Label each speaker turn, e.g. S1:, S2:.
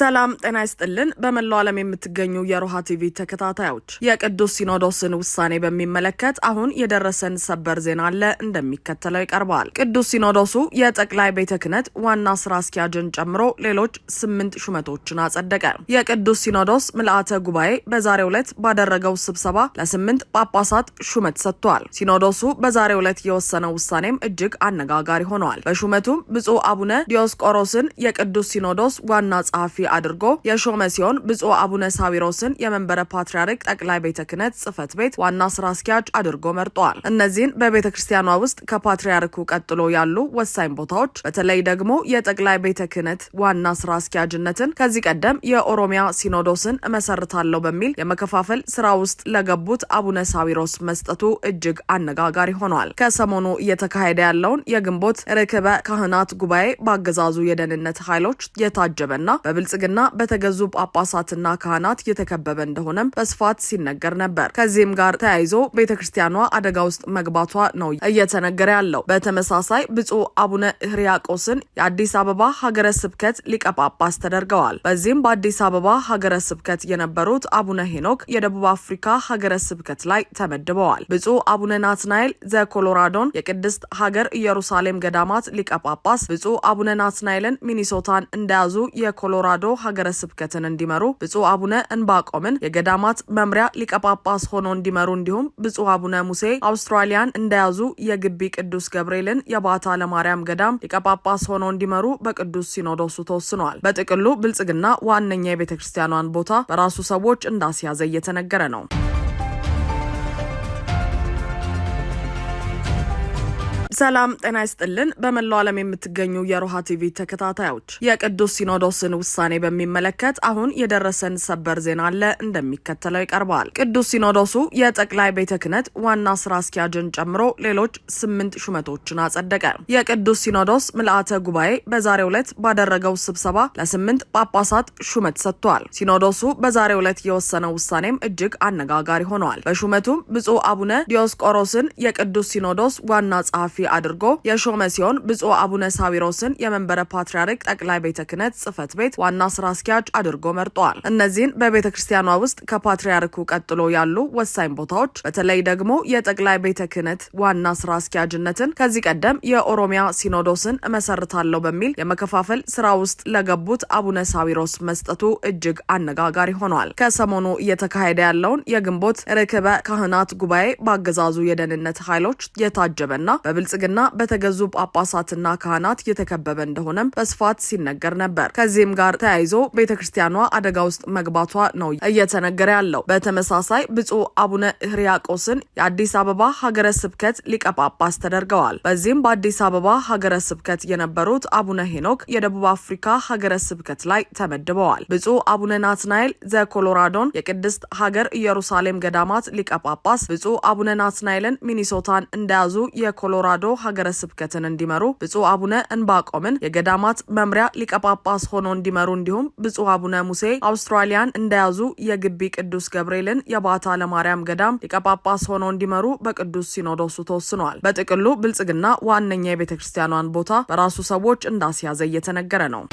S1: ሰላም ጤና ይስጥልን። በመላው ዓለም የምትገኙ የሮሃ ቲቪ ተከታታዮች የቅዱስ ሲኖዶስን ውሳኔ በሚመለከት አሁን የደረሰን ሰበር ዜና አለ፣ እንደሚከተለው ይቀርባል። ቅዱስ ሲኖዶሱ የጠቅላይ ቤተ ክህነት ዋና ስራ አስኪያጅን ጨምሮ ሌሎች ስምንት ሹመቶችን አጸደቀ። የቅዱስ ሲኖዶስ ምልአተ ጉባኤ በዛሬው ዕለት ባደረገው ስብሰባ ለስምንት ጳጳሳት ሹመት ሰጥቷል። ሲኖዶሱ በዛሬው ዕለት የወሰነው ውሳኔም እጅግ አነጋጋሪ ሆነዋል። በሹመቱም ብፁዕ አቡነ ዲዮስቆሮስን የቅዱስ ሲኖዶስ ዋና ጸሐፊ አድርጎ የሾመ ሲሆን ብፁዕ አቡነ ሳዊሮስን የመንበረ ፓትርያርክ ጠቅላይ ቤተ ክህነት ጽህፈት ቤት ዋና ስራ አስኪያጅ አድርጎ መርጧል። እነዚህን በቤተ ክርስቲያኗ ውስጥ ከፓትርያርኩ ቀጥሎ ያሉ ወሳኝ ቦታዎች በተለይ ደግሞ የጠቅላይ ቤተ ክህነት ዋና ስራ አስኪያጅነትን ከዚህ ቀደም የኦሮሚያ ሲኖዶስን እመሰርታለሁ በሚል የመከፋፈል ስራ ውስጥ ለገቡት አቡነ ሳዊሮስ መስጠቱ እጅግ አነጋጋሪ ሆኗል። ከሰሞኑ እየተካሄደ ያለውን የግንቦት ርክበ ካህናት ጉባኤ በአገዛዙ የደህንነት ኃይሎች የታጀበና በብል ብልጽግና በተገዙ ጳጳሳትና ካህናት እየተከበበ እንደሆነም በስፋት ሲነገር ነበር። ከዚህም ጋር ተያይዞ ቤተ ክርስቲያኗ አደጋ ውስጥ መግባቷ ነው እየተነገረ ያለው። በተመሳሳይ ብፁዕ አቡነ ህርያቆስን የአዲስ አበባ ሀገረ ስብከት ሊቀ ጳጳስ ተደርገዋል። በዚህም በአዲስ አበባ ሀገረ ስብከት የነበሩት አቡነ ሄኖክ የደቡብ አፍሪካ ሀገረ ስብከት ላይ ተመድበዋል። ብፁዕ አቡነ ናትናኤል ዘኮሎራዶን የቅድስት ሀገር ኢየሩሳሌም ገዳማት ሊቀ ጳጳስ፣ ብፁዕ አቡነ ናትናኤልን ሚኒሶታን እንደያዙ የኮሎራዶ ተዋሕዶ ሀገረ ስብከትን እንዲመሩ ብፁዕ አቡነ እንባቆምን የገዳማት መምሪያ ሊቀጳጳስ ሆኖ እንዲመሩ እንዲሁም ብፁዕ አቡነ ሙሴ አውስትራሊያን እንደያዙ የግቢ ቅዱስ ገብርኤልን የባታ ለማርያም ገዳም ሊቀጳጳስ ሆኖ እንዲመሩ በቅዱስ ሲኖዶሱ ተወስኗል። በጥቅሉ ብልጽግና ዋነኛ የቤተ ክርስቲያኗን ቦታ በራሱ ሰዎች እንዳስያዘ እየተነገረ ነው። ሰላም ጤና ይስጥልን። በመላው ዓለም የምትገኙ የሮሃ ቲቪ ተከታታዮች የቅዱስ ሲኖዶስን ውሳኔ በሚመለከት አሁን የደረሰን ሰበር ዜና አለ፣ እንደሚከተለው ይቀርባል። ቅዱስ ሲኖዶሱ የጠቅላይ ቤተ ክህነት ዋና ስራ አስኪያጅን ጨምሮ ሌሎች ስምንት ሹመቶችን አጸደቀ። የቅዱስ ሲኖዶስ ምልአተ ጉባኤ በዛሬው ዕለት ባደረገው ስብሰባ ለስምንት ጳጳሳት ሹመት ሰጥቷል። ሲኖዶሱ በዛሬው ዕለት የወሰነው ውሳኔም እጅግ አነጋጋሪ ሆነዋል። በሹመቱም ብፁዕ አቡነ ዲዮስቆሮስን የቅዱስ ሲኖዶስ ዋና ጸሐፊ አድርጎ የሾመ ሲሆን ብፁዕ አቡነ ሳዊሮስን የመንበረ ፓትርያርክ ጠቅላይ ቤተ ክህነት ጽህፈት ቤት ዋና ስራ አስኪያጅ አድርጎ መርጧል። እነዚህን በቤተ ክርስቲያኗ ውስጥ ከፓትርያርኩ ቀጥሎ ያሉ ወሳኝ ቦታዎች በተለይ ደግሞ የጠቅላይ ቤተ ክህነት ዋና ስራ አስኪያጅነትን ከዚህ ቀደም የኦሮሚያ ሲኖዶስን እመሰርታለሁ በሚል የመከፋፈል ስራ ውስጥ ለገቡት አቡነ ሳዊሮስ መስጠቱ እጅግ አነጋጋሪ ሆኗል። ከሰሞኑ እየተካሄደ ያለውን የግንቦት ርክበ ካህናት ጉባኤ በአገዛዙ የደህንነት ኃይሎች የታጀበና በብልጽ ብልጽግና በተገዙ ጳጳሳትና ካህናት እየተከበበ እንደሆነም በስፋት ሲነገር ነበር። ከዚህም ጋር ተያይዞ ቤተ ክርስቲያኗ አደጋ ውስጥ መግባቷ ነው እየተነገረ ያለው። በተመሳሳይ ብፁዕ አቡነ ህርያቆስን የአዲስ አበባ ሀገረ ስብከት ሊቀ ጳጳስ ተደርገዋል። በዚህም በአዲስ አበባ ሀገረ ስብከት የነበሩት አቡነ ሄኖክ የደቡብ አፍሪካ ሀገረ ስብከት ላይ ተመድበዋል። ብፁዕ አቡነ ናትናኤል ዘኮሎራዶን የቅድስት ሀገር ኢየሩሳሌም ገዳማት ሊቀ ጳጳስ፣ ብፁዕ አቡነ ናትናኤልን ሚኒሶታን እንደያዙ የኮሎራዶ ሀገረ ስብከትን እንዲመሩ ብፁዕ አቡነ እንባቆምን የገዳማት መምሪያ ሊቀጳጳስ ሆኖ እንዲመሩ እንዲሁም ብፁዕ አቡነ ሙሴ አውስትራሊያን እንደያዙ የግቢ ቅዱስ ገብርኤልን የባታ ለማርያም ገዳም ሊቀጳጳስ ሆኖ እንዲመሩ በቅዱስ ሲኖዶሱ ተወስኗል። በጥቅሉ ብልጽግና ዋነኛ የቤተ ክርስቲያኗን ቦታ በራሱ ሰዎች እንዳስያዘ እየተነገረ ነው።